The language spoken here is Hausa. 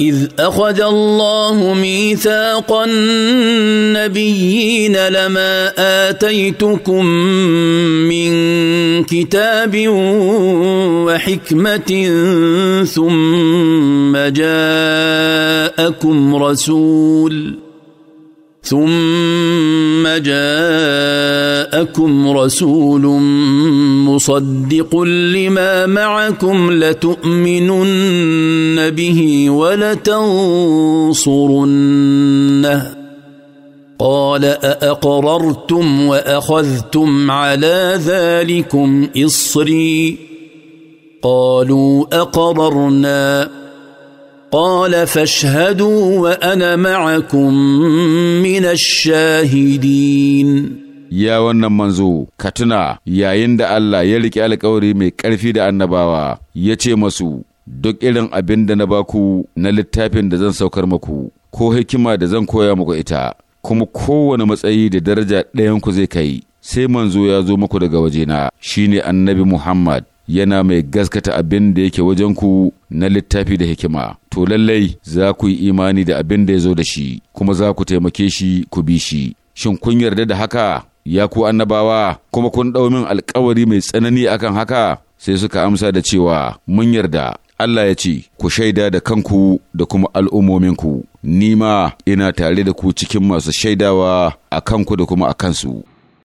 إذ أخذ الله ميثاق النبيين لما آتيتكم من كتاب وحكمة ثم جاءكم رسول ثم جاءكم رسول مصدق لما معكم لتؤمنن به ولتنصرنه قال أأقررتم وأخذتم على ذلكم إصري قالوا أقررنا قال فاشهدوا وانا معكم من الشاهدين ya wannan manzo ka tuna yayin da Allah ya riƙe alkawari mai ƙarfi da annabawa ya ce masu duk irin abin da na baku na littafin da zan saukar maku ko hikima da zan koya muku ita kuma kowane matsayi da daraja ɗayanku zai kai sai manzo ya zo muku daga wajena shine annabi Muhammad yana mai gaskata abin da yake wajenku na littafi da hikima to lallai za ku yi imani da abin da ya zo da shi kuma za ku taimake shi ku bi shi shin kun yarda da haka ya ku annabawa kuma kun ɗau min alkawari mai tsanani akan haka sai suka amsa da cewa mun yarda Allah ya ce, Ku shaida da kanku da kuma al'ummominku, ni ma ina tare da ku cikin masu shaidawa a kanku da kuma a kansu.